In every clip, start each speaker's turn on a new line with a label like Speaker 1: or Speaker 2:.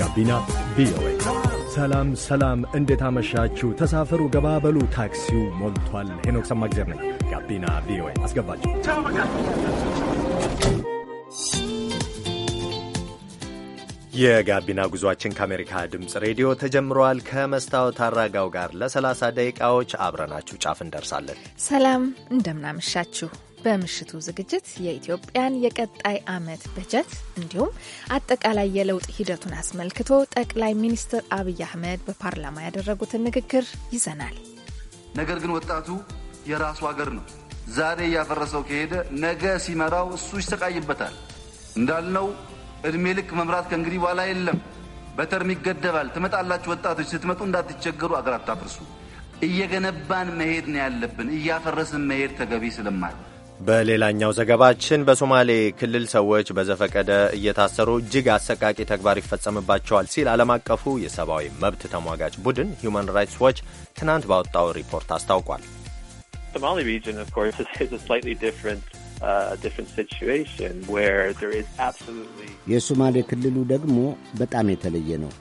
Speaker 1: ጋቢና ቪኦኤ። ሰላም ሰላም፣ እንዴት አመሻችሁ? ተሳፈሩ፣ ገባበሉ፣ ታክሲው ሞልቷል። ሄኖክ ሰማግዜር ነኝ። ጋቢና ቪኦኤ አስገባችሁ። የጋቢና ጉዟችን ከአሜሪካ ድምፅ ሬዲዮ ተጀምረዋል። ከመስታወት አራጋው ጋር ለ30 ደቂቃዎች አብረናችሁ ጫፍ እንደርሳለን።
Speaker 2: ሰላም እንደምናመሻችሁ በምሽቱ ዝግጅት የኢትዮጵያን የቀጣይ ዓመት በጀት እንዲሁም አጠቃላይ የለውጥ ሂደቱን አስመልክቶ ጠቅላይ ሚኒስትር አብይ አህመድ በፓርላማ ያደረጉትን ንግግር ይዘናል።
Speaker 3: ነገር ግን ወጣቱ የራሱ ሀገር ነው። ዛሬ እያፈረሰው ከሄደ ነገ ሲመራው እሱ ይሰቃይበታል። እንዳልነው እድሜ ልክ መምራት ከእንግዲህ በኋላ የለም። በተርም ይገደባል። ትመጣላችሁ ወጣቶች፣ ስትመጡ እንዳትቸገሩ አገር አታፍርሱ። እየገነባን መሄድ ነው ያለብን። እያፈረስን መሄድ ተገቢ ስለማል
Speaker 1: በሌላኛው ዘገባችን በሶማሌ ክልል ሰዎች በዘፈቀደ እየታሰሩ እጅግ አሰቃቂ ተግባር ይፈጸምባቸዋል ሲል ዓለም አቀፉ የሰብአዊ መብት ተሟጋች ቡድን ሁማን ራይትስ ዎች ትናንት ባወጣው ሪፖርት አስታውቋል። uh,
Speaker 4: የሶማሌ ክልሉ ደግሞ በጣም የተለየ ነው።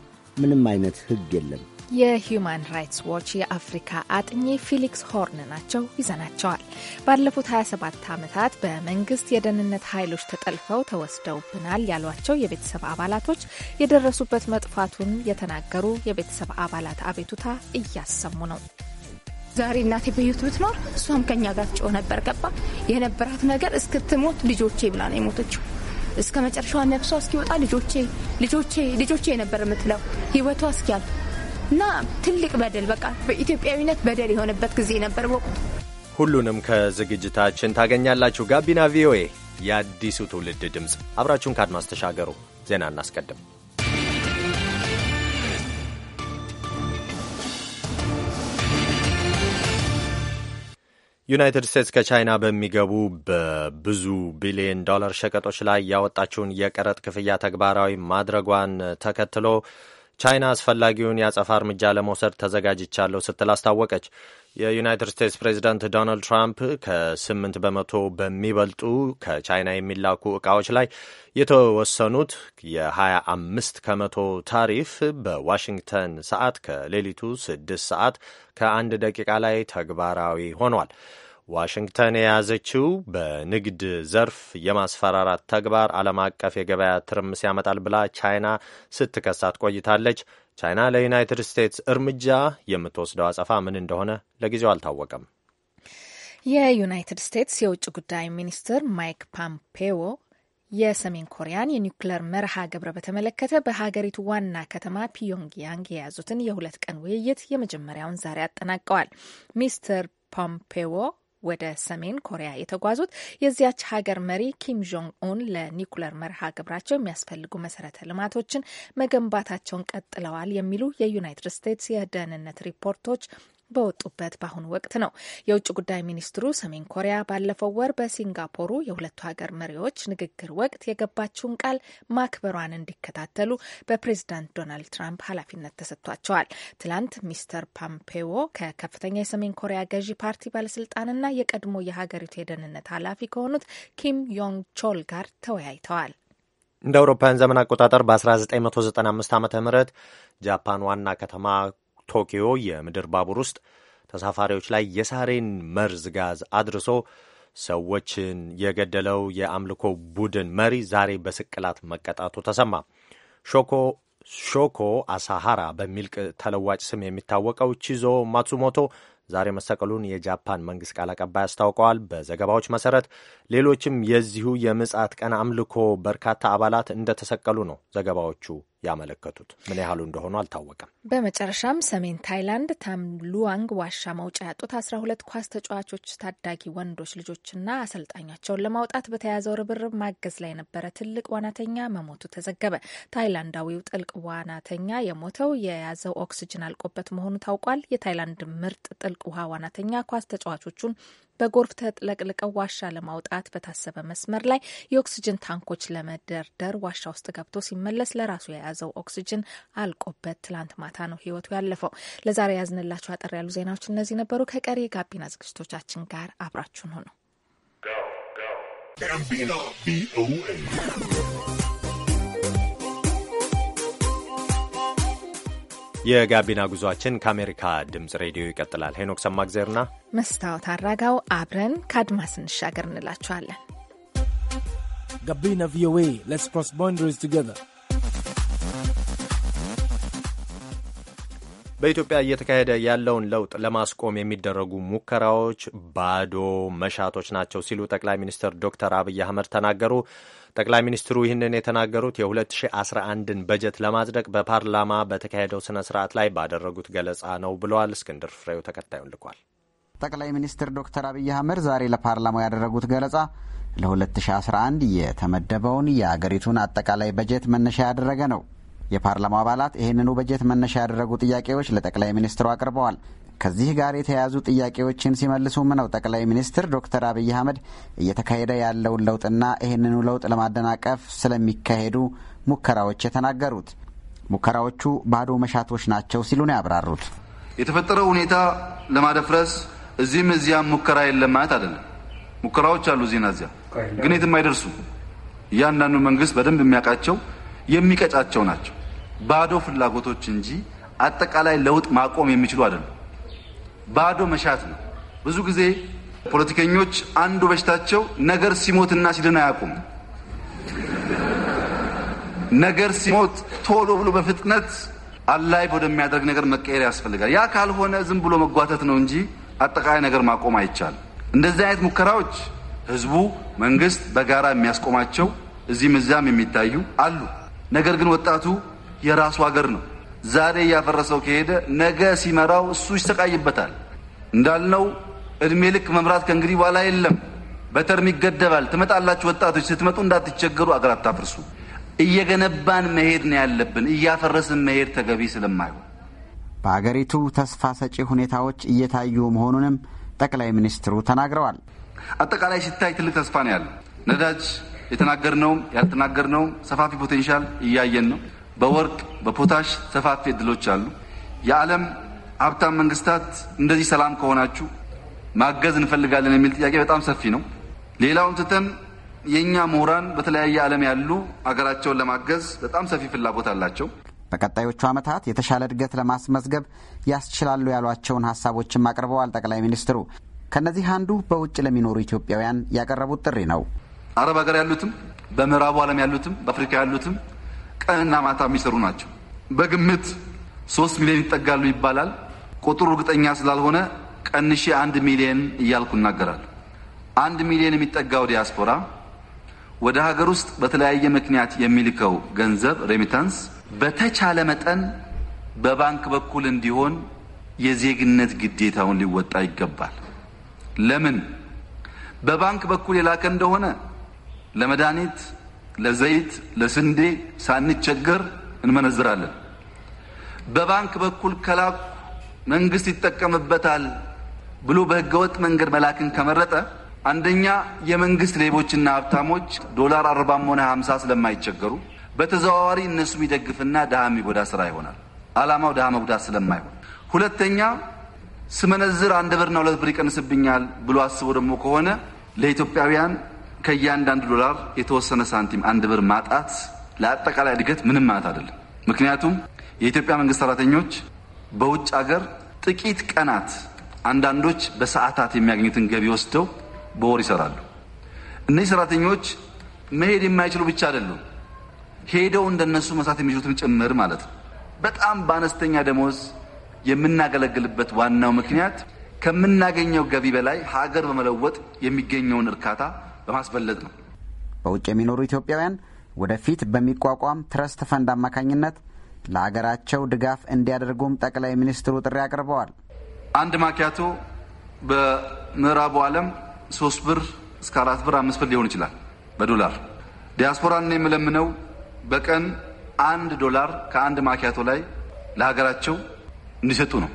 Speaker 4: ምንም አይነት ሕግ የለም።
Speaker 2: የሂዩማን ራይትስ ዎች የአፍሪካ አጥኚ ፊሊክስ ሆርን ናቸው። ይዘናቸዋል። ባለፉት 27 ዓመታት በመንግስት የደህንነት ኃይሎች ተጠልፈው ተወስደውብናል ያሏቸው የቤተሰብ አባላቶች የደረሱበት መጥፋቱን የተናገሩ የቤተሰብ አባላት አቤቱታ እያሰሙ ነው።
Speaker 5: ዛሬ እናቴ በህይወት ብትኖር እሷም ከኛ ጋር ትጮህ ነበር። ገባ የነበራት ነገር እስክትሞት ልጆቼ ብላ ነው የሞተችው። እስከ መጨረሻዋ ነፍሷ እስኪወጣ ልጆቼ ልጆቼ ልጆቼ ነበር የምትለው ህይወቷ እስኪያል እና ትልቅ በደል በቃ በኢትዮጵያዊነት በደል የሆነበት ጊዜ ነበር ወቅቱ።
Speaker 1: ሁሉንም ከዝግጅታችን ታገኛላችሁ። ጋቢና ቪኦኤ የአዲሱ ትውልድ ድምፅ፣ አብራችሁን ከአድማስ ተሻገሩ። ዜና እናስቀድም። ዩናይትድ ስቴትስ ከቻይና በሚገቡ በብዙ ቢሊዮን ዶላር ሸቀጦች ላይ ያወጣችውን የቀረጥ ክፍያ ተግባራዊ ማድረጓን ተከትሎ ቻይና አስፈላጊውን የአጸፋ እርምጃ ለመውሰድ ተዘጋጅቻለሁ ስትል አስታወቀች። የዩናይትድ ስቴትስ ፕሬዚዳንት ዶናልድ ትራምፕ ከስምንት በመቶ በሚበልጡ ከቻይና የሚላኩ ዕቃዎች ላይ የተወሰኑት የ25 ከመቶ ታሪፍ በዋሽንግተን ሰዓት ከሌሊቱ ስድስት ሰዓት ከአንድ ደቂቃ ላይ ተግባራዊ ሆኗል። ዋሽንግተን የያዘችው በንግድ ዘርፍ የማስፈራራት ተግባር ዓለም አቀፍ የገበያ ትርምስ ያመጣል ብላ ቻይና ስትከሳት ቆይታለች። ቻይና ለዩናይትድ ስቴትስ እርምጃ የምትወስደው አጸፋ ምን እንደሆነ ለጊዜው አልታወቀም።
Speaker 2: የዩናይትድ ስቴትስ የውጭ ጉዳይ ሚኒስትር ማይክ ፖምፔዮ የሰሜን ኮሪያን የኒውክሌር መርሃ ግብር በተመለከተ በሀገሪቱ ዋና ከተማ ፒዮንግያንግ የያዙትን የሁለት ቀን ውይይት የመጀመሪያውን ዛሬ አጠናቀዋል። ሚስተር ፖምፔዮ ወደ ሰሜን ኮሪያ የተጓዙት የዚያች ሀገር መሪ ኪም ጆንግ ኡን ለኒኩለር መርሃ ግብራቸው የሚያስፈልጉ መሰረተ ልማቶችን መገንባታቸውን ቀጥለዋል የሚሉ የዩናይትድ ስቴትስ የደህንነት ሪፖርቶች በወጡበት በአሁኑ ወቅት ነው። የውጭ ጉዳይ ሚኒስትሩ ሰሜን ኮሪያ ባለፈው ወር በሲንጋፖሩ የሁለቱ ሀገር መሪዎች ንግግር ወቅት የገባችውን ቃል ማክበሯን እንዲከታተሉ በፕሬዚዳንት ዶናልድ ትራምፕ ኃላፊነት ተሰጥቷቸዋል። ትላንት ሚስተር ፓምፔዎ ከከፍተኛ የሰሜን ኮሪያ ገዢ ፓርቲ ባለስልጣንና የቀድሞ የሀገሪቱ የደህንነት ኃላፊ ከሆኑት ኪም ዮንግ ቾል ጋር ተወያይተዋል።
Speaker 1: እንደ አውሮፓውያን ዘመን አቆጣጠር በ1995 ዓ ም ጃፓን ዋና ከተማ ቶኪዮ የምድር ባቡር ውስጥ ተሳፋሪዎች ላይ የሳሬን መርዝ ጋዝ አድርሶ ሰዎችን የገደለው የአምልኮ ቡድን መሪ ዛሬ በስቅላት መቀጣቱ ተሰማ። ሾኮ ሾኮ አሳሃራ በሚል ተለዋጭ ስም የሚታወቀው ቺዞ ማትሱሞቶ ዛሬ መሰቀሉን የጃፓን መንግስት ቃል አቀባይ አስታውቀዋል። በዘገባዎች መሰረት ሌሎችም የዚሁ የምጽአት ቀን አምልኮ በርካታ አባላት እንደተሰቀሉ ነው ዘገባዎቹ ያመለከቱት። ምን ያህሉ እንደሆኑ አልታወቀም።
Speaker 2: በመጨረሻም ሰሜን ታይላንድ ታምሉዋንግ ዋሻ መውጫ ያጡት አስራ ሁለት ኳስ ተጫዋቾች ታዳጊ ወንዶች ልጆችና አሰልጣኛቸውን ለማውጣት በተያዘው ርብርብ ማገዝ ላይ የነበረ ትልቅ ዋናተኛ መሞቱ ተዘገበ። ታይላንዳዊው ጥልቅ ዋናተኛ የሞተው የያዘው ኦክስጅን አልቆበት መሆኑ ታውቋል። የታይላንድ ምርጥ ጥልቅ ውሃ ዋናተኛ ኳስ ተጫዋቾቹን በጎርፍ ተጥለቅልቀው ዋሻ ለማውጣት በታሰበ መስመር ላይ የኦክስጅን ታንኮች ለመደርደር ዋሻ ውስጥ ገብቶ ሲመለስ ለራሱ የያዘው ኦክስጅን አልቆበት ትላንት ማታ ነው ህይወቱ ያለፈው። ለዛሬ ያዝንላችሁ አጠር ያሉ ዜናዎች እነዚህ ነበሩ። ከቀሪ የጋቢና ዝግጅቶቻችን ጋር አብራችሁን ሆኑ።
Speaker 1: የጋቢና ጉዟችን ከአሜሪካ ድምፅ ሬዲዮ ይቀጥላል። ሄኖክ ሰማግዜርና
Speaker 2: መስታወት አራጋው አብረን ከአድማስ እንሻገር እንላችኋለን።
Speaker 1: ጋቢና ቪኦኤ ሌትስ ክሮስ
Speaker 2: ቦንደሪስ ቱጌዘር
Speaker 1: በኢትዮጵያ እየተካሄደ ያለውን ለውጥ ለማስቆም የሚደረጉ ሙከራዎች ባዶ መሻቶች ናቸው ሲሉ ጠቅላይ ሚኒስትር ዶክተር አብይ አህመድ ተናገሩ። ጠቅላይ ሚኒስትሩ ይህንን የተናገሩት የ2011ን በጀት ለማጽደቅ በፓርላማ በተካሄደው ስነ ስርዓት ላይ ባደረጉት ገለጻ ነው ብለዋል። እስክንድር ፍሬው ተከታዩን ልኳል።
Speaker 6: ጠቅላይ ሚኒስትር ዶክተር አብይ አህመድ ዛሬ ለፓርላማው ያደረጉት ገለጻ ለ2011 የተመደበውን የአገሪቱን አጠቃላይ በጀት መነሻ ያደረገ ነው። የፓርላማው አባላት ይህንኑ በጀት መነሻ ያደረጉ ጥያቄዎች ለጠቅላይ ሚኒስትሩ አቅርበዋል። ከዚህ ጋር የተያያዙ ጥያቄዎችን ሲመልሱ ምነው ጠቅላይ ሚኒስትር ዶክተር አብይ አህመድ እየተካሄደ ያለውን ለውጥና ይህንኑ ለውጥ ለማደናቀፍ ስለሚካሄዱ ሙከራዎች የተናገሩት። ሙከራዎቹ ባዶ መሻቶች ናቸው ሲሉ ነው
Speaker 1: ያብራሩት።
Speaker 3: የተፈጠረው ሁኔታ ለማደፍረስ እዚህም እዚያም ሙከራ የለም ማለት አይደለም። ሙከራዎች አሉ እዚህና እዚያ፣ ግን የትም አይደርሱ። እያንዳንዱ መንግስት በደንብ የሚያውቃቸው የሚቀጫቸው ናቸው። ባዶ ፍላጎቶች እንጂ አጠቃላይ ለውጥ ማቆም የሚችሉ አይደሉም። ባዶ መሻት ነው። ብዙ ጊዜ ፖለቲከኞች አንዱ በሽታቸው ነገር ሲሞትና ሲድን አያውቁም። ነገር ሲሞት ቶሎ ብሎ በፍጥነት አላይቭ ወደሚያደርግ ነገር መቀየር ያስፈልጋል። ያ ካልሆነ ዝም ብሎ መጓተት ነው እንጂ አጠቃላይ ነገር ማቆም አይቻልም። እንደዚህ አይነት ሙከራዎች ህዝቡ፣ መንግስት በጋራ የሚያስቆማቸው እዚህም እዚያም የሚታዩ አሉ። ነገር ግን ወጣቱ የራሱ ሀገር ነው። ዛሬ እያፈረሰው ከሄደ ነገ ሲመራው እሱ ይሰቃይበታል። እንዳልነው እድሜ ልክ መምራት ከእንግዲህ በኋላ የለም፣ በተርም ይገደባል። ትመጣላችሁ ወጣቶች፣ ስትመጡ እንዳትቸገሩ አገር አታፍርሱ። እየገነባን መሄድ ነው ያለብን፣ እያፈረስን መሄድ ተገቢ ስለማይሆን
Speaker 6: በአገሪቱ ተስፋ ሰጪ ሁኔታዎች እየታዩ መሆኑንም ጠቅላይ ሚኒስትሩ ተናግረዋል።
Speaker 3: አጠቃላይ ሲታይ ትልቅ ተስፋ ነው ያለው። ነዳጅ የተናገርነውም ያልተናገርነውም ሰፋፊ ፖቴንሻል እያየን ነው። በወርቅ በፖታሽ ሰፋፊ እድሎች አሉ። የዓለም ሀብታም መንግስታት እንደዚህ ሰላም ከሆናችሁ ማገዝ እንፈልጋለን የሚል ጥያቄ በጣም ሰፊ ነው። ሌላውን ትተን የእኛ ምሁራን በተለያየ ዓለም ያሉ አገራቸውን ለማገዝ በጣም ሰፊ ፍላጎት አላቸው።
Speaker 6: በቀጣዮቹ ዓመታት የተሻለ እድገት ለማስመዝገብ ያስችላሉ ያሏቸውን ሀሳቦችም አቅርበዋል ጠቅላይ ሚኒስትሩ። ከእነዚህ አንዱ በውጭ ለሚኖሩ ኢትዮጵያውያን ያቀረቡት ጥሪ ነው።
Speaker 3: አረብ ሀገር ያሉትም፣ በምዕራቡ ዓለም ያሉትም፣ በአፍሪካ ያሉትም ቀንና ማታ የሚሰሩ ናቸው። በግምት ሶስት ሚሊዮን ይጠጋሉ ይባላል። ቁጥሩ እርግጠኛ ስላልሆነ ቀንሼ አንድ ሚሊዮን እያልኩ እናገራለሁ። አንድ ሚሊዮን የሚጠጋው ዲያስፖራ ወደ ሀገር ውስጥ በተለያየ ምክንያት የሚልከው ገንዘብ ሬሚታንስ በተቻለ መጠን በባንክ በኩል እንዲሆን የዜግነት ግዴታውን ሊወጣ ይገባል። ለምን በባንክ በኩል የላከ እንደሆነ ለመድኃኒት ለዘይት፣ ለስንዴ ሳንቸገር እንመነዝራለን። በባንክ በኩል ከላኩ መንግስት ይጠቀምበታል ብሎ በህገወጥ መንገድ መላክን ከመረጠ አንደኛ የመንግስት ሌቦችና ሀብታሞች ዶላር አርባም ሆነ ሀምሳ ስለማይቸገሩ በተዘዋዋሪ እነሱ የሚደግፍና ድሃ የሚጎዳ ስራ ይሆናል። አላማው ድሃ መጉዳት ስለማይሆን፣ ሁለተኛ ስመነዝር አንድ ብርና ሁለት ብር ይቀንስብኛል ብሎ አስቦ ደግሞ ከሆነ ለኢትዮጵያውያን ከእያንዳንዱ ዶላር የተወሰነ ሳንቲም አንድ ብር ማጣት ለአጠቃላይ እድገት ምንም ማለት አይደለም። ምክንያቱም የኢትዮጵያ መንግስት ሰራተኞች በውጭ ሀገር ጥቂት ቀናት፣ አንዳንዶች በሰዓታት የሚያገኙትን ገቢ ወስደው በወር ይሰራሉ። እነዚህ ሰራተኞች መሄድ የማይችሉ ብቻ አይደሉም፣ ሄደው እንደነሱ መስራት የሚችሉትም ጭምር ማለት ነው። በጣም በአነስተኛ ደሞዝ የምናገለግልበት ዋናው ምክንያት ከምናገኘው ገቢ በላይ ሀገር በመለወጥ የሚገኘውን እርካታ በማስበለጥ ነው።
Speaker 6: በውጭ የሚኖሩ ኢትዮጵያውያን ወደፊት በሚቋቋም ትረስት ፈንድ አማካኝነት ለአገራቸው ድጋፍ እንዲያደርጉም ጠቅላይ ሚኒስትሩ ጥሪ አቅርበዋል።
Speaker 3: አንድ ማኪያቶ በምዕራቡ ዓለም ሶስት ብር እስከ አራት ብር አምስት ብር ሊሆን ይችላል በዶላር ዲያስፖራን የምለምነው በቀን አንድ ዶላር ከአንድ ማኪያቶ ላይ ለሀገራቸው እንዲሰጡ ነው።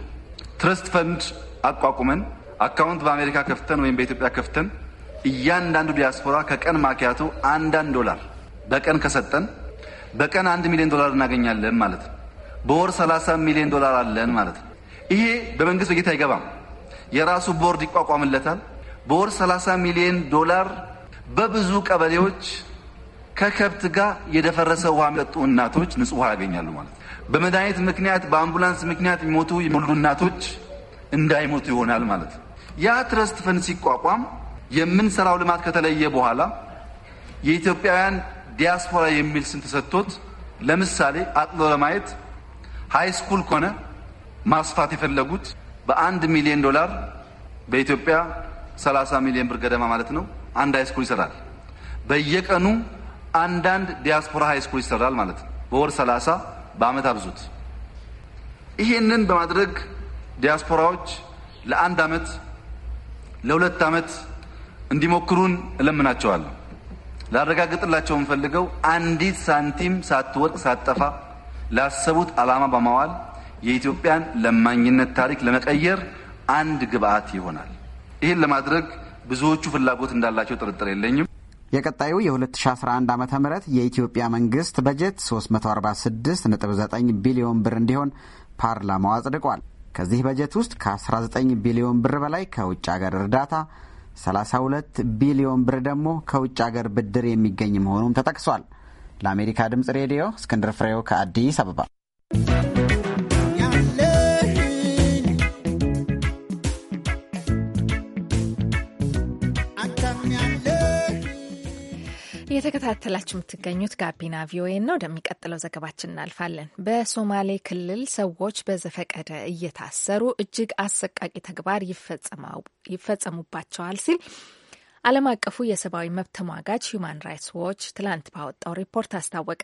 Speaker 3: ትረስት ፈንድ አቋቁመን አካውንት በአሜሪካ ከፍተን ወይም በኢትዮጵያ ከፍተን እያንዳንዱ ዲያስፖራ ከቀን ማኪያቶ አንዳንድ ዶላር በቀን ከሰጠን በቀን አንድ ሚሊዮን ዶላር እናገኛለን ማለት ነው። በወር 30 ሚሊዮን ዶላር አለን ማለት ነው። ይሄ በመንግስት በጌታ አይገባም። የራሱ ቦርድ ይቋቋምለታል። በወር 30 ሚሊዮን ዶላር በብዙ ቀበሌዎች ከከብት ጋር የደፈረሰ ውሃ የሚጠጡ እናቶች ንጹህ ውሃ ያገኛሉ ማለት ነው። በመድኃኒት ምክንያት በአምቡላንስ ምክንያት የሚሞቱ የሞሉ እናቶች እንዳይሞቱ ይሆናል ማለት ነው። ያ ትረስት ፈንድ ሲቋቋም የምንሰራው ልማት ከተለየ በኋላ የኢትዮጵያውያን ዲያስፖራ የሚል ስም ተሰጥቶት ለምሳሌ አጥሎ ለማየት ሃይ ስኩል ከሆነ ማስፋት የፈለጉት በአንድ ሚሊዮን ዶላር በኢትዮጵያ 30 ሚሊዮን ብር ገደማ ማለት ነው። አንድ ሃይ ስኩል ይሰራል። በየቀኑ አንዳንድ ዲያስፖራ ሃይ ስኩል ይሰራል ማለት ነው። በወር 30 በአመት አብዙት። ይሄንን በማድረግ ዲያስፖራዎች ለአንድ አመት ለሁለት አመት እንዲሞክሩን እለምናቸዋለሁ። ላረጋግጥላቸው የምፈልገው አንዲት ሳንቲም ሳትወድቅ ሳትጠፋ ላሰቡት ዓላማ በማዋል የኢትዮጵያን ለማኝነት ታሪክ ለመቀየር አንድ ግብአት ይሆናል። ይህን ለማድረግ ብዙዎቹ ፍላጎት እንዳላቸው ጥርጥር የለኝም።
Speaker 6: የቀጣዩ የ2011 ዓ ም የኢትዮጵያ መንግስት በጀት 346.9 ቢሊዮን ብር እንዲሆን ፓርላማው አጽድቋል። ከዚህ በጀት ውስጥ ከ19 ቢሊዮን ብር በላይ ከውጭ አገር እርዳታ 32 ቢሊዮን ብር ደግሞ ከውጭ አገር ብድር የሚገኝ መሆኑም ተጠቅሷል። ለአሜሪካ ድምፅ ሬዲዮ እስክንድር ፍሬው ከአዲስ አበባ
Speaker 2: እየተከታተላችሁ የምትገኙት ጋቢና ቪኦኤ ነው። ወደሚቀጥለው ዘገባችን እናልፋለን። በሶማሌ ክልል ሰዎች በዘፈቀደ እየታሰሩ እጅግ አሰቃቂ ተግባር ይፈጸሙባቸዋል ሲል ዓለም አቀፉ የሰብአዊ መብት ተሟጋች ሁማን ራይትስ ዎች ትላንት ባወጣው ሪፖርት አስታወቀ።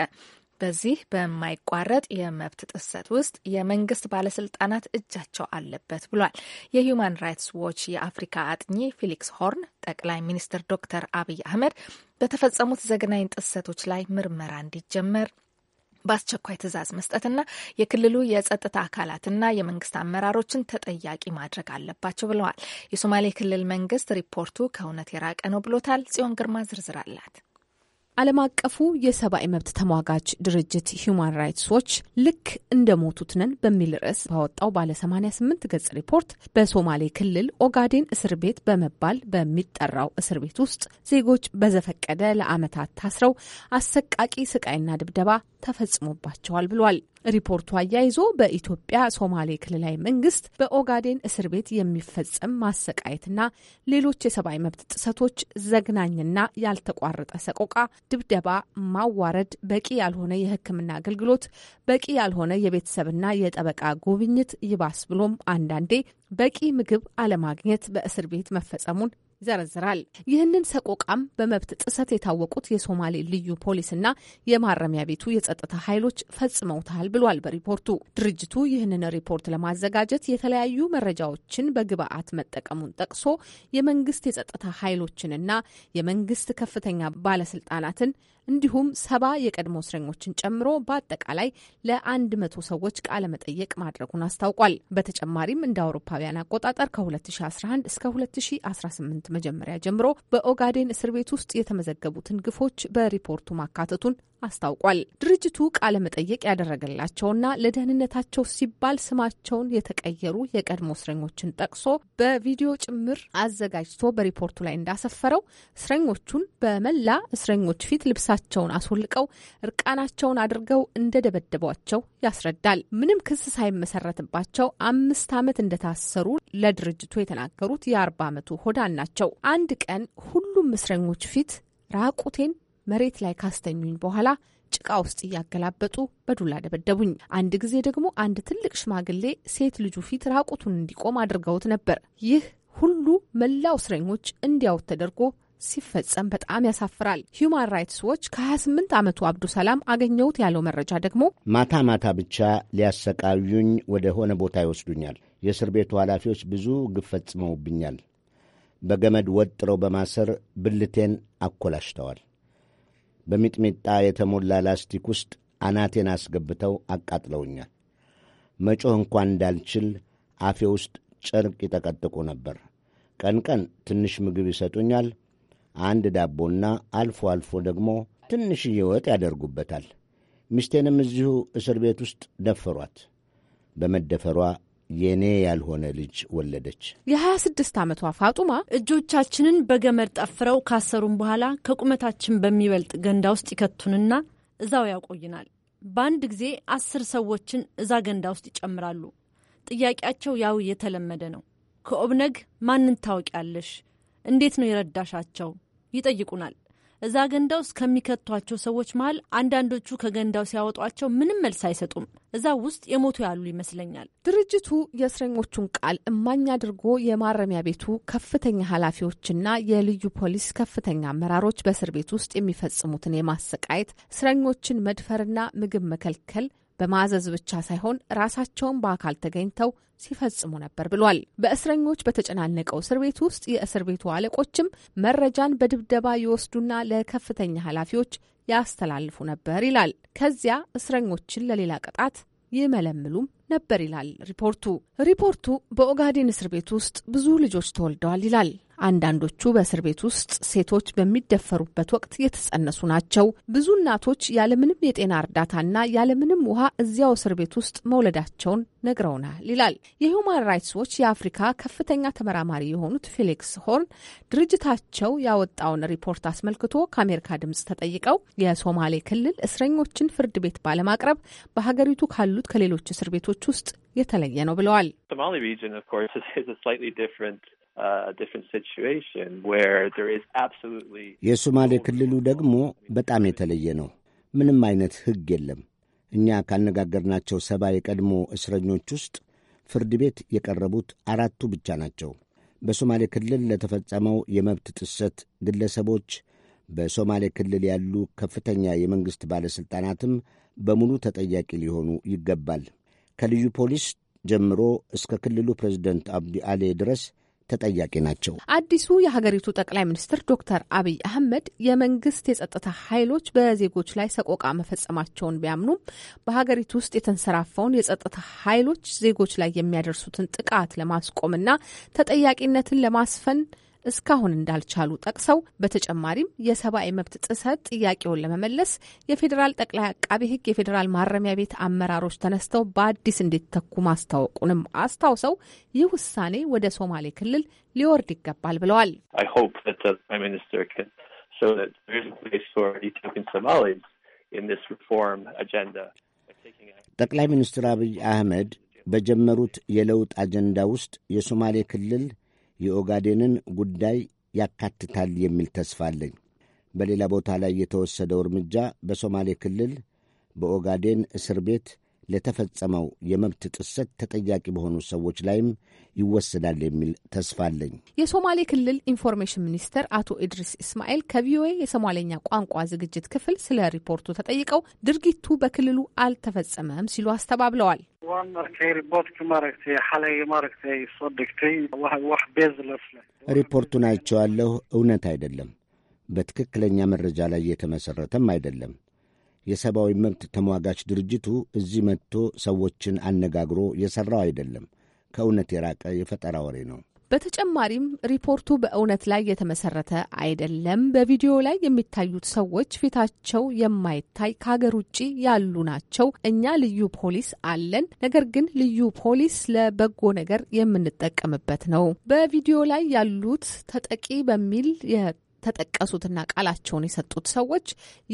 Speaker 2: በዚህ በማይቋረጥ የመብት ጥሰት ውስጥ የመንግስት ባለስልጣናት እጃቸው አለበት ብሏል። የሂዩማን ራይትስ ዎች የአፍሪካ አጥኚ ፊሊክስ ሆርን ጠቅላይ ሚኒስትር ዶክተር አብይ አህመድ በተፈጸሙት ዘግናኝ ጥሰቶች ላይ ምርመራ እንዲጀመር በአስቸኳይ ትዕዛዝ መስጠትና የክልሉ የጸጥታ አካላትና የመንግስት አመራሮችን ተጠያቂ ማድረግ አለባቸው ብለዋል። የሶማሌ ክልል መንግስት ሪፖርቱ ከእውነት የራቀ ነው ብሎታል። ጽዮን ግርማ ዝርዝር አላት።
Speaker 7: ዓለም አቀፉ የሰብአዊ መብት ተሟጋች ድርጅት ሂዩማን ራይትስ ዎች ልክ እንደ ሞቱት ነን በሚል ርዕስ ባወጣው ባለ 88 ገጽ ሪፖርት በሶማሌ ክልል ኦጋዴን እስር ቤት በመባል በሚጠራው እስር ቤት ውስጥ ዜጎች በዘፈቀደ ለአመታት ታስረው አሰቃቂ ስቃይና ድብደባ ተፈጽሞባቸዋል ብሏል። ሪፖርቱ አያይዞ በኢትዮጵያ ሶማሌ ክልላዊ መንግስት በኦጋዴን እስር ቤት የሚፈጸም ማሰቃየትና ሌሎች የሰብአዊ መብት ጥሰቶች ዘግናኝና ያልተቋረጠ ሰቆቃ፣ ድብደባ፣ ማዋረድ፣ በቂ ያልሆነ የሕክምና አገልግሎት፣ በቂ ያልሆነ የቤተሰብና የጠበቃ ጉብኝት፣ ይባስ ብሎም አንዳንዴ በቂ ምግብ አለማግኘት በእስር ቤት መፈጸሙን ይዘረዝራል። ይህንን ሰቆቃም በመብት ጥሰት የታወቁት የሶማሌ ልዩ ፖሊስና የማረሚያ ቤቱ የጸጥታ ኃይሎች ፈጽመውታል ብሏል በሪፖርቱ። ድርጅቱ ይህንን ሪፖርት ለማዘጋጀት የተለያዩ መረጃዎችን በግብአት መጠቀሙን ጠቅሶ የመንግስት የጸጥታ ኃይሎችንና የመንግስት ከፍተኛ ባለስልጣናትን እንዲሁም ሰባ የቀድሞ እስረኞችን ጨምሮ በአጠቃላይ ለአንድ መቶ ሰዎች ቃለ መጠየቅ ማድረጉን አስታውቋል። በተጨማሪም እንደ አውሮፓውያን አቆጣጠር ከ2011 እስከ 2018 መጀመሪያ ጀምሮ በኦጋዴን እስር ቤት ውስጥ የተመዘገቡትን ግፎች በሪፖርቱ ማካተቱን አስታውቋል። ድርጅቱ ቃለ መጠየቅ ያደረገላቸውና ለደህንነታቸው ሲባል ስማቸውን የተቀየሩ የቀድሞ እስረኞችን ጠቅሶ በቪዲዮ ጭምር አዘጋጅቶ በሪፖርቱ ላይ እንዳሰፈረው እስረኞቹን በመላ እስረኞች ፊት ልብሳቸውን አስወልቀው እርቃናቸውን አድርገው እንደደበደቧቸው ያስረዳል። ምንም ክስ ሳይመሰረትባቸው አምስት ዓመት እንደታሰሩ ለድርጅቱ የተናገሩት የአርባ ዓመቱ ሆዳን ናቸው። አንድ ቀን ሁሉም እስረኞች ፊት ራቁቴን መሬት ላይ ካስተኙኝ በኋላ ጭቃ ውስጥ እያገላበጡ በዱላ ደበደቡኝ። አንድ ጊዜ ደግሞ አንድ ትልቅ ሽማግሌ ሴት ልጁ ፊት ራቁቱን እንዲቆም አድርገውት ነበር። ይህ ሁሉ መላው እስረኞች እንዲያውት ተደርጎ ሲፈጸም በጣም ያሳፍራል። ሂዩማን ራይትስ ዎች ከ28 ዓመቱ አብዱ ሰላም አገኘሁት ያለው መረጃ ደግሞ
Speaker 4: ማታ ማታ ብቻ ሊያሰቃዩኝ ወደ ሆነ ቦታ ይወስዱኛል። የእስር ቤቱ ኃላፊዎች ብዙ ግፍ ፈጽመውብኛል። በገመድ ወጥረው በማሰር ብልቴን አኮላሽተዋል። በሚጥሚጣ የተሞላ ላስቲክ ውስጥ አናቴን አስገብተው አቃጥለውኛል። መጮህ እንኳን እንዳልችል አፌ ውስጥ ጨርቅ ይጠቀጥቁ ነበር። ቀን ቀን ትንሽ ምግብ ይሰጡኛል። አንድ ዳቦና አልፎ አልፎ ደግሞ ትንሽዬ ወጥ ያደርጉበታል። ሚስቴንም እዚሁ እስር ቤት ውስጥ ደፈሯት። በመደፈሯ የኔ ያልሆነ ልጅ ወለደች።
Speaker 7: የ26 ዓመቷ ፋጡማ እጆቻችንን በገመድ ጠፍረው ካሰሩን በኋላ ከቁመታችን በሚበልጥ ገንዳ ውስጥ ይከቱንና እዛው ያቆይናል። በአንድ ጊዜ አስር ሰዎችን እዛ ገንዳ ውስጥ ይጨምራሉ። ጥያቄያቸው ያው የተለመደ ነው። ከኦብነግ ማንን ታወቂያለሽ? እንዴት ነው የረዳሻቸው? ይጠይቁናል። እዛ ገንዳ ውስጥ ከሚከቷቸው ሰዎች መሀል አንዳንዶቹ ከገንዳው ሲያወጧቸው ምንም መልስ አይሰጡም። እዛ ውስጥ የሞቱ ያሉ ይመስለኛል። ድርጅቱ የእስረኞቹን ቃል እማኝ አድርጎ የማረሚያ ቤቱ ከፍተኛ ኃላፊዎችና የልዩ ፖሊስ ከፍተኛ አመራሮች በእስር ቤት ውስጥ የሚፈጽሙትን የማሰቃየት እስረኞችን መድፈርና ምግብ መከልከል በማዘዝ ብቻ ሳይሆን ራሳቸውን በአካል ተገኝተው ሲፈጽሙ ነበር ብሏል። በእስረኞች በተጨናነቀው እስር ቤት ውስጥ የእስር ቤቱ አለቆችም መረጃን በድብደባ ይወስዱና ለከፍተኛ ኃላፊዎች ያስተላልፉ ነበር ይላል። ከዚያ እስረኞችን ለሌላ ቅጣት ይመለምሉም ነበር ይላል ሪፖርቱ። ሪፖርቱ በኦጋዴን እስር ቤት ውስጥ ብዙ ልጆች ተወልደዋል ይላል። አንዳንዶቹ በእስር ቤት ውስጥ ሴቶች በሚደፈሩበት ወቅት የተጸነሱ ናቸው። ብዙ እናቶች ያለምንም የጤና እርዳታና ያለምንም ውሃ እዚያው እስር ቤት ውስጥ መውለዳቸውን ነግረውናል ይላል። የሁማን ራይትስ ዎች የአፍሪካ ከፍተኛ ተመራማሪ የሆኑት ፌሊክስ ሆርን ድርጅታቸው ያወጣውን ሪፖርት አስመልክቶ ከአሜሪካ ድምጽ ተጠይቀው የሶማሌ ክልል እስረኞችን ፍርድ ቤት ባለማቅረብ በሀገሪቱ ካሉት ከሌሎች እስር ቤቶች ክልሎች ውስጥ የተለየ ነው ብለዋል።
Speaker 1: uh,
Speaker 4: የሶማሌ ክልሉ ደግሞ በጣም የተለየ ነው። ምንም አይነት ሕግ የለም። እኛ ካነጋገርናቸው ሰባ የቀድሞ እስረኞች ውስጥ ፍርድ ቤት የቀረቡት አራቱ ብቻ ናቸው። በሶማሌ ክልል ለተፈጸመው የመብት ጥሰት ግለሰቦች፣ በሶማሌ ክልል ያሉ ከፍተኛ የመንግሥት ባለሥልጣናትም በሙሉ ተጠያቂ ሊሆኑ ይገባል። ከልዩ ፖሊስ ጀምሮ እስከ ክልሉ ፕሬዚደንት አብዲ አሌ ድረስ ተጠያቂ ናቸው።
Speaker 7: አዲሱ የሀገሪቱ ጠቅላይ ሚኒስትር ዶክተር አብይ አህመድ የመንግስት የጸጥታ ኃይሎች በዜጎች ላይ ሰቆቃ መፈጸማቸውን ቢያምኑም በሀገሪቱ ውስጥ የተንሰራፋውን የጸጥታ ኃይሎች ዜጎች ላይ የሚያደርሱትን ጥቃት ለማስቆምና ተጠያቂነትን ለማስፈን እስካሁን እንዳልቻሉ ጠቅሰው በተጨማሪም የሰብአዊ መብት ጥሰት ጥያቄውን ለመመለስ የፌዴራል ጠቅላይ አቃቢ ሕግ የፌዴራል ማረሚያ ቤት አመራሮች ተነስተው በአዲስ እንዲተኩ ማስታወቁንም አስታውሰው ይህ ውሳኔ ወደ ሶማሌ ክልል ሊወርድ ይገባል ብለዋል።
Speaker 4: ጠቅላይ ሚኒስትር አብይ አህመድ በጀመሩት የለውጥ አጀንዳ ውስጥ የሶማሌ ክልል የኦጋዴንን ጉዳይ ያካትታል የሚል ተስፋ አለኝ። በሌላ ቦታ ላይ የተወሰደው እርምጃ በሶማሌ ክልል በኦጋዴን እስር ቤት ለተፈጸመው የመብት ጥሰት ተጠያቂ በሆኑ ሰዎች ላይም ይወሰዳል የሚል ተስፋ አለኝ።
Speaker 7: የሶማሌ ክልል ኢንፎርሜሽን ሚኒስተር አቶ ኢድሪስ እስማኤል ከቪኦኤ የሶማሌኛ ቋንቋ ዝግጅት ክፍል ስለ ሪፖርቱ ተጠይቀው ድርጊቱ በክልሉ አልተፈጸመም ሲሉ አስተባብለዋል።
Speaker 4: ሪፖርቱን አይቼዋለሁ። እውነት አይደለም፣ በትክክለኛ መረጃ ላይ የተመሰረተም አይደለም። የሰብአዊ መብት ተሟጋች ድርጅቱ እዚህ መጥቶ ሰዎችን አነጋግሮ የሠራው አይደለም። ከእውነት የራቀ የፈጠራ ወሬ ነው።
Speaker 7: በተጨማሪም ሪፖርቱ በእውነት ላይ የተመሰረተ አይደለም። በቪዲዮ ላይ የሚታዩት ሰዎች ፊታቸው የማይታይ ከሀገር ውጭ ያሉ ናቸው። እኛ ልዩ ፖሊስ አለን፣ ነገር ግን ልዩ ፖሊስ ለበጎ ነገር የምንጠቀምበት ነው። በቪዲዮ ላይ ያሉት ተጠቂ በሚል የተጠቀሱትና ቃላቸውን የሰጡት ሰዎች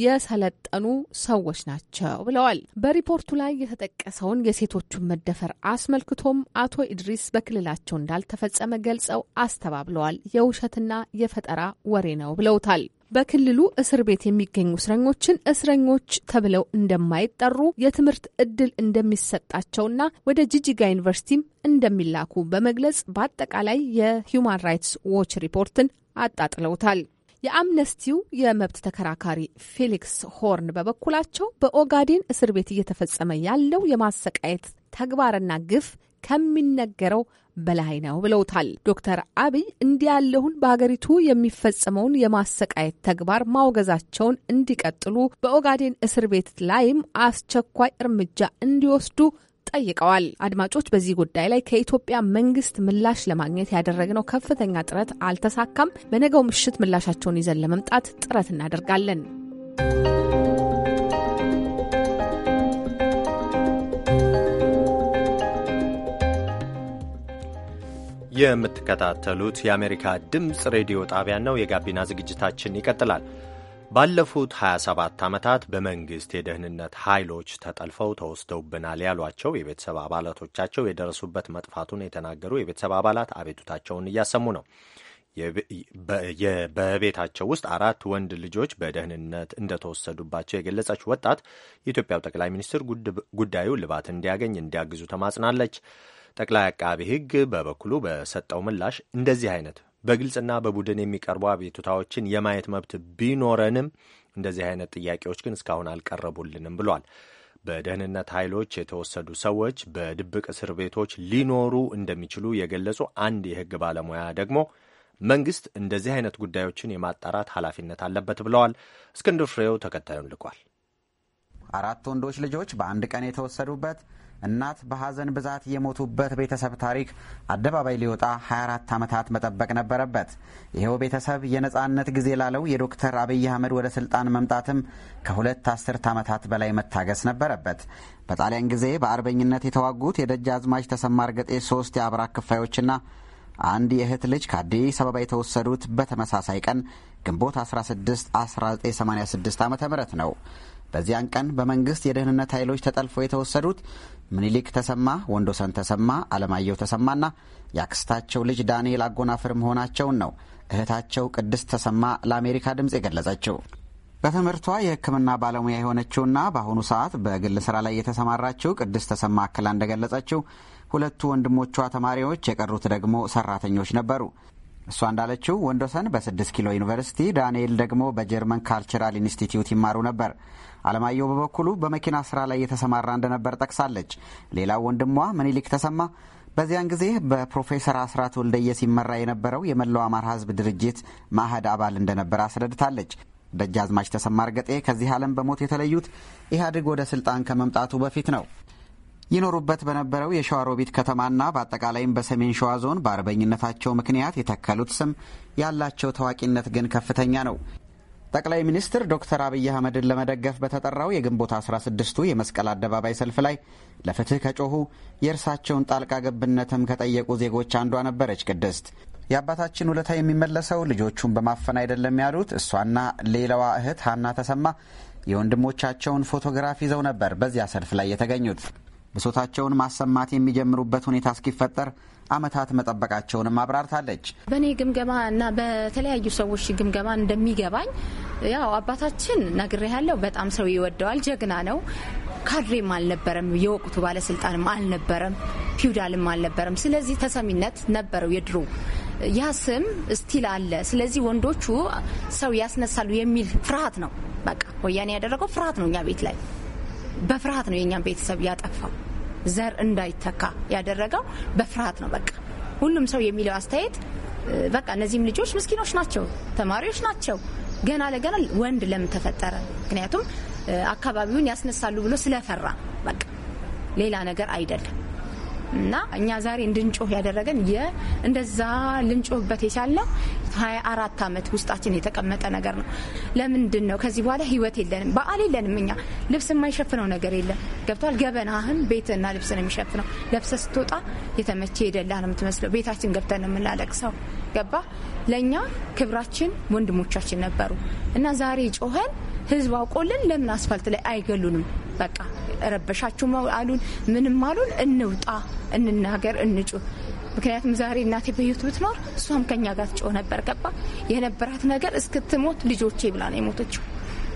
Speaker 7: የሰለጠኑ ሰዎች ናቸው ብለዋል። በሪፖርቱ ላይ የተጠቀሰውን የሴቶቹን መደፈር አስመልክቶም አቶ ኢድሪስ በክልላቸው እንዳልተፈጸመ ገልጸው አስተባብለዋል። የውሸትና የፈጠራ ወሬ ነው ብለውታል። በክልሉ እስር ቤት የሚገኙ እስረኞችን እስረኞች ተብለው እንደማይጠሩ የትምህርት እድል እንደሚሰጣቸውና ወደ ጂጂጋ ዩኒቨርሲቲም እንደሚላኩ በመግለጽ በአጠቃላይ የሂዩማን ራይትስ ዎች ሪፖርትን አጣጥለውታል። የአምነስቲው የመብት ተከራካሪ ፌሊክስ ሆርን በበኩላቸው በኦጋዴን እስር ቤት እየተፈጸመ ያለው የማሰቃየት ተግባርና ግፍ ከሚነገረው በላይ ነው ብለውታል። ዶክተር አብይ እንዲህ ያለውን በሀገሪቱ የሚፈጸመውን የማሰቃየት ተግባር ማውገዛቸውን እንዲቀጥሉ፣ በኦጋዴን እስር ቤት ላይም አስቸኳይ እርምጃ እንዲወስዱ ጠይቀዋል። አድማጮች፣ በዚህ ጉዳይ ላይ ከኢትዮጵያ መንግስት ምላሽ ለማግኘት ያደረግነው ከፍተኛ ጥረት አልተሳካም። በነገው ምሽት ምላሻቸውን ይዘን ለመምጣት ጥረት እናደርጋለን።
Speaker 1: የምትከታተሉት የአሜሪካ ድምፅ ሬዲዮ ጣቢያን ነው። የጋቢና ዝግጅታችን ይቀጥላል። ባለፉት 27 ዓመታት በመንግሥት የደህንነት ኃይሎች ተጠልፈው ተወስደውብናል ያሏቸው የቤተሰብ አባላቶቻቸው የደረሱበት መጥፋቱን የተናገሩ የቤተሰብ አባላት አቤቱታቸውን እያሰሙ ነው። በቤታቸው ውስጥ አራት ወንድ ልጆች በደህንነት እንደተወሰዱባቸው የገለጸች ወጣት የኢትዮጵያው ጠቅላይ ሚኒስትር ጉዳዩ ልባት እንዲያገኝ እንዲያግዙ ተማጽናለች። ጠቅላይ አቃቢ ሕግ በበኩሉ በሰጠው ምላሽ እንደዚህ አይነት በግልጽና በቡድን የሚቀርቡ አቤቱታዎችን የማየት መብት ቢኖረንም እንደዚህ አይነት ጥያቄዎች ግን እስካሁን አልቀረቡልንም ብሏል። በደህንነት ኃይሎች የተወሰዱ ሰዎች በድብቅ እስር ቤቶች ሊኖሩ እንደሚችሉ የገለጹ አንድ የሕግ ባለሙያ ደግሞ መንግስት እንደዚህ አይነት ጉዳዮችን የማጣራት ኃላፊነት አለበት ብለዋል። እስክንድር ፍሬው ተከታዩን ልኳል።
Speaker 6: አራት ወንዶች ልጆች በአንድ ቀን የተወሰዱበት እናት በሐዘን ብዛት የሞቱበት ቤተሰብ ታሪክ አደባባይ ሊወጣ 24 ዓመታት መጠበቅ ነበረበት። ይኸው ቤተሰብ የነፃነት ጊዜ ላለው የዶክተር አብይ አህመድ ወደ ስልጣን መምጣትም ከሁለት አስርት ዓመታት በላይ መታገስ ነበረበት። በጣሊያን ጊዜ በአርበኝነት የተዋጉት አዝማች ተሰማ እርገጤ ሶስት የአብራክ ክፋዮችና አንድ የእህት ልጅ ከአዲስ አበባ የተወሰዱት በተመሳሳይ ቀን ግንቦት 16 1986 ዓ ም ነው። በዚያን ቀን በመንግሥት የደህንነት ኃይሎች ተጠልፎ የተወሰዱት ምኒልክ ተሰማ፣ ወንዶሰን ተሰማ፣ አለማየሁ ተሰማና የአክስታቸው ልጅ ዳንኤል አጎናፍር መሆናቸውን ነው እህታቸው ቅድስት ተሰማ ለአሜሪካ ድምፅ የገለጸችው። በትምህርቷ የሕክምና ባለሙያ የሆነችውና በአሁኑ ሰዓት በግል ስራ ላይ የተሰማራችው ቅድስት ተሰማ አክላ እንደገለጸችው ሁለቱ ወንድሞቿ ተማሪዎች፣ የቀሩት ደግሞ ሰራተኞች ነበሩ። እሷ እንዳለችው ወንዶሰን በስድስት ኪሎ ዩኒቨርሲቲ፣ ዳንኤል ደግሞ በጀርመን ካልቸራል ኢንስቲትዩት ይማሩ ነበር። አለማየሁ በበኩሉ በመኪና ስራ ላይ የተሰማራ እንደነበር ጠቅሳለች። ሌላው ወንድሟ ምኒልክ ተሰማ በዚያን ጊዜ በፕሮፌሰር አስራት ወልደየ ሲመራ የነበረው የመላው አማራ ሕዝብ ድርጅት ማህድ አባል እንደነበር አስረድታለች። ደጃዝማች ተሰማ እርገጤ ከዚህ ዓለም በሞት የተለዩት ኢህአዴግ ወደ ስልጣን ከመምጣቱ በፊት ነው። ይኖሩበት በነበረው የሸዋሮቢት ከተማና በአጠቃላይም በሰሜን ሸዋ ዞን በአርበኝነታቸው ምክንያት የተከሉት ስም ያላቸው ታዋቂነት ግን ከፍተኛ ነው። ጠቅላይ ሚኒስትር ዶክተር አብይ አህመድን ለመደገፍ በተጠራው የግንቦት 16ቱ የመስቀል አደባባይ ሰልፍ ላይ ለፍትህ ከጮኹ የእርሳቸውን ጣልቃ ገብነትም ከጠየቁ ዜጎች አንዷ ነበረች ቅድስት። የአባታችን ውለታ የሚመለሰው ልጆቹን በማፈን አይደለም ያሉት እሷና ሌላዋ እህት ሀና ተሰማ የወንድሞቻቸውን ፎቶግራፍ ይዘው ነበር በዚያ ሰልፍ ላይ የተገኙት። ብሶታቸውን ማሰማት የሚጀምሩበት ሁኔታ እስኪፈጠር ዓመታት መጠበቃቸውንም አብራርታለች።
Speaker 5: በእኔ ግምገማ እና በተለያዩ ሰዎች ግምገማ እንደሚገባኝ ያው አባታችን ነግሬ ያለው በጣም ሰው ይወደዋል፣ ጀግና ነው። ካድሬም አልነበረም፣ የወቅቱ ባለስልጣንም አልነበረም፣ ፊውዳልም አልነበረም። ስለዚህ ተሰሚነት ነበረው የድሮ ያ ስም እስቲል አለ። ስለዚህ ወንዶቹ ሰው ያስነሳሉ የሚል ፍርሃት ነው። በቃ ወያኔ ያደረገው ፍርሃት ነው እኛ ቤት ላይ በፍርሃት ነው የእኛን ቤተሰብ ያጠፋው፣ ዘር እንዳይተካ ያደረገው በፍርሃት ነው። በቃ ሁሉም ሰው የሚለው አስተያየት በቃ እነዚህም ልጆች ምስኪኖች ናቸው፣ ተማሪዎች ናቸው፣ ገና ለገና ወንድ ለምን ተፈጠረ? ምክንያቱም አካባቢውን ያስነሳሉ ብሎ ስለፈራ በቃ ሌላ ነገር አይደለም። እና እኛ ዛሬ እንድንጮህ ያደረገን እንደዛ ልንጮህበት የቻልነው ሀያ አራት ዓመት ውስጣችን የተቀመጠ ነገር ነው። ለምንድን ነው ከዚህ በኋላ ህይወት የለንም፣ በዓል የለንም። እኛ ልብስ የማይሸፍነው ነገር የለም። ገብቷል። ገበናህን ቤትና ልብስ ነው የሚሸፍነው። ለብሰ ስትወጣ የተመቸ የደላ ነው የምትመስለው። ቤታችን ገብተን ነው የምናለቅሰው። ገባ። ለእኛ ክብራችን ወንድሞቻችን ነበሩ እና ዛሬ ጮኸን ህዝብ አውቆልን ለምን አስፋልት ላይ አይገሉንም? በቃ ረበሻችሁ አሉን። ምንም አሉን። እንውጣ፣ እንናገር፣ እንጩ ምክንያቱም ዛሬ እናቴ በህይወት ብትኖር እሷም ከኛ ጋር ትጮህ ነበር። ገባ የነበራት ነገር እስክትሞት ልጆቼ ብላ ነው የሞተችው።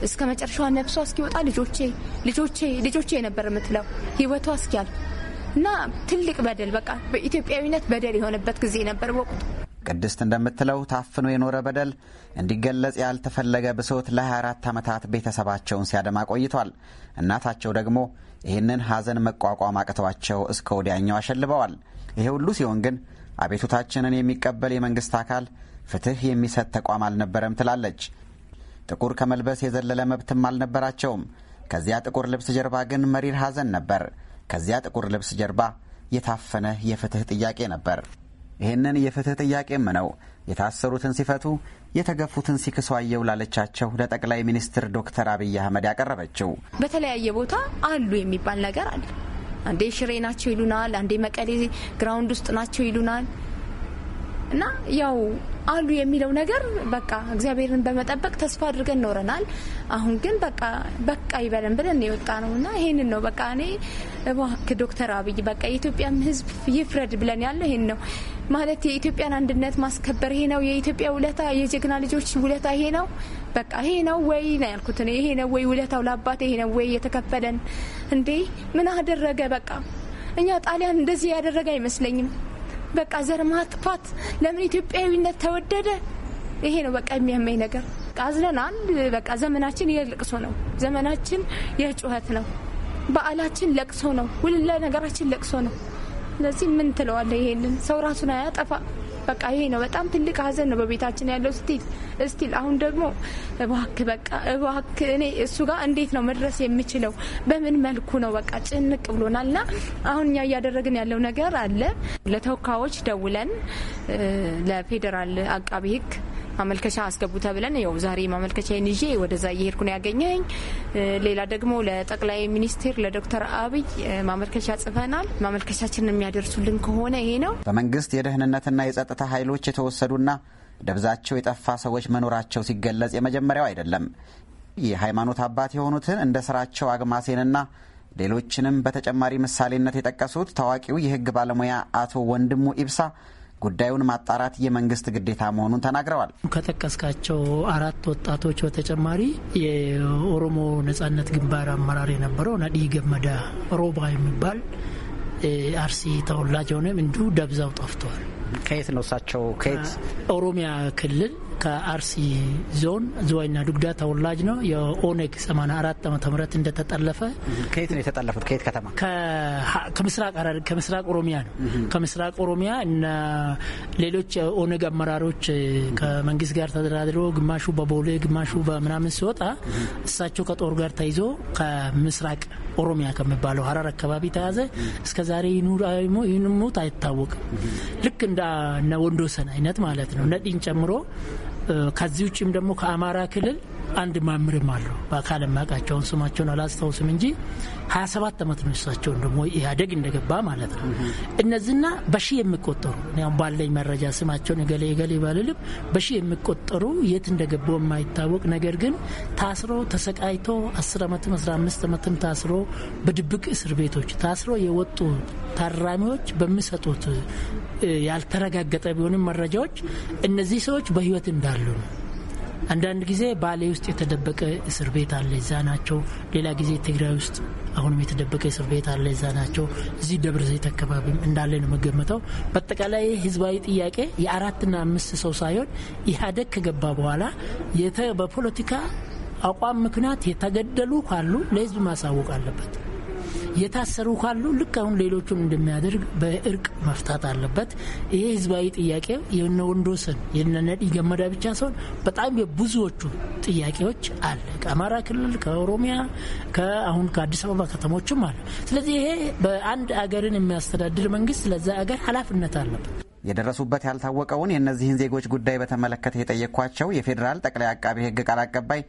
Speaker 5: እስከ መጨረሻዋ ነፍሷ እስኪወጣ ልጆቼ ልጆቼ ልጆቼ ነበር የምትለው ህይወቷ እስኪያል እና ትልቅ በደል በቃ በኢትዮጵያዊነት በደል የሆነበት ጊዜ ነበር ወቅቱ።
Speaker 6: ቅድስት እንደምትለው ታፍኖ የኖረ በደል እንዲገለጽ ያልተፈለገ ብሶት ለ24 ዓመታት ቤተሰባቸውን ሲያደማ ቆይቷል። እናታቸው ደግሞ ይህንን ሐዘን መቋቋም አቅተዋቸው እስከ ወዲያኛው አሸልበዋል። ይሄ ሁሉ ሲሆን ግን አቤቱታችንን የሚቀበል የመንግሥት አካል ፍትሕ የሚሰጥ ተቋም አልነበረም ትላለች። ጥቁር ከመልበስ የዘለለ መብትም አልነበራቸውም። ከዚያ ጥቁር ልብስ ጀርባ ግን መሪር ሐዘን ነበር። ከዚያ ጥቁር ልብስ ጀርባ የታፈነ የፍትህ ጥያቄ ነበር። ይህንን የፍትህ ጥያቄም ነው የታሰሩትን ሲፈቱ የተገፉትን ሲክሱ አየው ላለቻቸው ለጠቅላይ ሚኒስትር ዶክተር አብይ አህመድ ያቀረበችው።
Speaker 5: በተለያየ ቦታ አሉ የሚባል ነገር አለ። አንዴ ሽሬ ናቸው ይሉናል፣ አንዴ መቀሌ ግራውንድ ውስጥ ናቸው ይሉናል። እና ያው አሉ የሚለው ነገር በቃ እግዚአብሔርን በመጠበቅ ተስፋ አድርገን ኖረናል። አሁን ግን በቃ በቃ ይበለን ብለን የወጣ ነው እና ይህንን ነው በቃ እኔ እባክህ ዶክተር አብይ በቃ የኢትዮጵያም ሕዝብ ይፍረድ ብለን ያለው ይህን ነው። ማለት የኢትዮጵያን አንድነት ማስከበር ይሄ ነው የኢትዮጵያ ውለታ፣ የጀግና ልጆች ውለታ ይሄ ነው በቃ ይሄ ነው ወይ ነው ያልኩት እኔ። ይሄ ነው ወይ ውለታው ለአባቴ፣ ይሄ ነው ወይ የተከፈለን? እንዴ ምን አደረገ? በቃ እኛ ጣሊያን እንደዚህ ያደረገ አይመስለኝም። በቃ ዘር ማጥፋት ለምን ኢትዮጵያዊነት ተወደደ? ይሄ ነው በቃ የሚያመኝ ነገር። አንድ በቃ ዘመናችን የልቅሶ ነው። ዘመናችን የጩኸት ነው። በዓላችን ለቅሶ ነው። ሁሉ ነገራችን ለቅሶ ነው። ስለዚህ ምን ትለዋለ? ይሄንን ሰው ራሱን አያጠፋ። በቃ ይሄ ነው። በጣም ትልቅ ሀዘን ነው በቤታችን ያለው። ስቲል ስቲል አሁን ደግሞ እባክ በቃ እባክ እኔ እሱ ጋር እንዴት ነው መድረስ የምችለው? በምን መልኩ ነው? በቃ ጭንቅ ብሎናል። ና አሁን እኛ እያደረግን ያለው ነገር አለ። ለተወካዮች ደውለን ለፌዴራል አቃቢ ህግ። ማመልከቻ አስገቡ ተብለን ው ዛሬ ማመልከቻዬን ይዤ ወደዛ እየሄድኩ ነው ያገኘኝ። ሌላ ደግሞ ለጠቅላይ ሚኒስቴር ለዶክተር አብይ ማመልከቻ ጽፈናል። ማመልከቻችንን የሚያደርሱልን ከሆነ ይሄ ነው።
Speaker 6: በመንግስት የደህንነትና የጸጥታ ኃይሎች የተወሰዱና ደብዛቸው የጠፋ ሰዎች መኖራቸው ሲገለጽ የመጀመሪያው አይደለም። የሃይማኖት አባት የሆኑትን እንደ ስራቸው አግማሴንና ሌሎችንም በተጨማሪ ምሳሌነት የጠቀሱት ታዋቂው የህግ ባለሙያ አቶ ወንድሙ ኢብሳ ጉዳዩን ማጣራት የመንግስት ግዴታ መሆኑን ተናግረዋል።
Speaker 8: ከጠቀስካቸው አራት ወጣቶች በተጨማሪ የኦሮሞ ነጻነት ግንባር አመራር የነበረው ነዲ ገመዳ ሮባ የሚባል አርሲ ተወላጅ የሆነም እንዲሁ ደብዛው ጠፍቷል።
Speaker 6: ከየት ነው እሳቸው? ከየት
Speaker 8: ኦሮሚያ ክልል ከአርሲ ዞን ዝዋይና ዱግዳ ተወላጅ ነው። የኦነግ 84 ዓመተ ምህረት እንደተጠለፈ
Speaker 6: ከየት ነው የተጠለፉት? ከየት ከተማ?
Speaker 8: ከምስራቅ ሐረር ከምስራቅ ኦሮሚያ ነው። ከምስራቅ ኦሮሚያ እና ሌሎች ኦነግ አመራሮች ከመንግስት ጋር ተደራድሮ ግማሹ በቦሌ ግማሹ በምናምን ሲወጣ እሳቸው ከጦር ጋር ተይዞ ከምስራቅ ኦሮሚያ ከሚባለው ሐረር አካባቢ ተያዘ። እስከ ዛሬ ይኑሙት አይታወቅም። ልክ እንደ ወንዶሰን አይነት ማለት ነው ነጢን ጨምሮ ከዚህ ውጭም ደግሞ ከአማራ ክልል አንድ ማምርም አሉ በአካል የማውቃቸውን ስማቸውን አላስታውስም እንጂ 27 ዓመት ነው እሳቸውን ደግሞ ኢህአዴግ እንደገባ ማለት ነው። እነዚህና በሺ የሚቆጠሩ ያም ባለኝ መረጃ ስማቸውን እገሌ እገሌ ባልልም በሺ የሚቆጠሩ የት እንደገቡ የማይታወቅ ነገር ግን ታስሮ ተሰቃይቶ 10 ዓመትም 15 ዓመትም ታስሮ በድብቅ እስር ቤቶች ታስሮ የወጡ ታራሚዎች በሚሰጡት ያልተረጋገጠ ቢሆንም መረጃዎች እነዚህ ሰዎች በህይወት እንዳሉ ነው። አንዳንድ ጊዜ ባሌ ውስጥ የተደበቀ እስር ቤት አለ፣ እዛ ናቸው። ሌላ ጊዜ ትግራይ ውስጥ አሁንም የተደበቀ እስር ቤት አለ፣ እዛ ናቸው። እዚህ ደብረ ዘይት አካባቢም እንዳለ ነው መገመተው። በአጠቃላይ ህዝባዊ ጥያቄ የአራትና አምስት ሰው ሳይሆን ኢህአዴግ ከገባ በኋላ በፖለቲካ አቋም ምክንያት የተገደሉ ካሉ ለህዝብ ማሳወቅ አለበት። የታሰሩ ካሉ ልክ አሁን ሌሎቹን እንደሚያደርግ በእርቅ መፍታት አለበት። ይሄ ህዝባዊ ጥያቄ የነ ወንዶሰን የነ ነዲ ገመዳ ብቻ ሳይሆን በጣም የብዙዎቹ ጥያቄዎች አለ። ከአማራ ክልል፣ ከኦሮሚያ፣ አሁን ከአዲስ አበባ ከተሞችም አለ። ስለዚህ ይሄ በአንድ አገርን የሚያስተዳድር መንግስት ለዛ አገር ኃላፊነት
Speaker 6: አለበት። የደረሱበት ያልታወቀውን የእነዚህን ዜጎች ጉዳይ በተመለከተ የጠየኳቸው የፌዴራል ጠቅላይ አቃቤ ህግ ቃል አቀባይ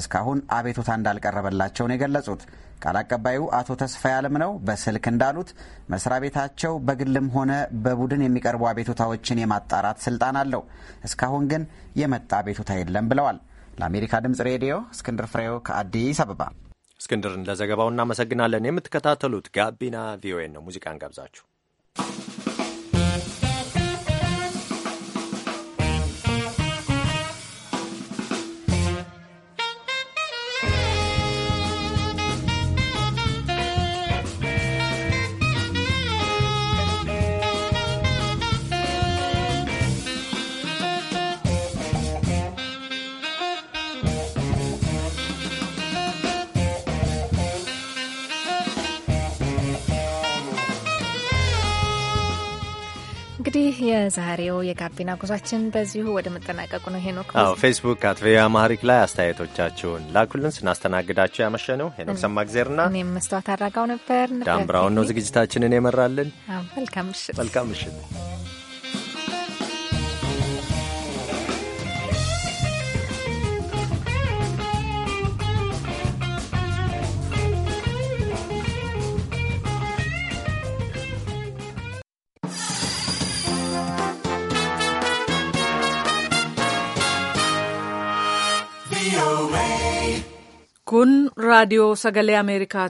Speaker 6: እስካሁን አቤቱታ እንዳልቀረበላቸው የገለጹት። ቃል አቀባዩ አቶ ተስፋ ያለም ነው በስልክ እንዳሉት መስሪያ ቤታቸው በግልም ሆነ በቡድን የሚቀርቡ አቤቱታዎችን የማጣራት ስልጣን አለው። እስካሁን ግን የመጣ አቤቱታ የለም ብለዋል። ለአሜሪካ ድምጽ ሬዲዮ እስክንድር ፍሬው ከአዲስ አበባ።
Speaker 1: እስክንድርን ለዘገባው እናመሰግናለን። የምትከታተሉት ጋቢና ቪኦኤ ነው። ሙዚቃን ጋብዛችሁ
Speaker 2: እንግዲህ የዛሬው የጋቢና ጉዟችን በዚሁ ወደ መጠናቀቁ ነው። ሄኖክ
Speaker 1: ፌስቡክ አትቪ አማሪክ ላይ አስተያየቶቻችሁን ላኩልን። ስናስተናግዳችሁ ያመሸ ነው ሄኖክ ሰማግዜርና
Speaker 2: እኔም መስተዋት አድራጋው ነበር። ዳምብራውን
Speaker 1: ነው ዝግጅታችንን የመራልን። መልካም ምሽት። መልካም ምሽት።
Speaker 7: kun raadiyoo sagale Ameerikaa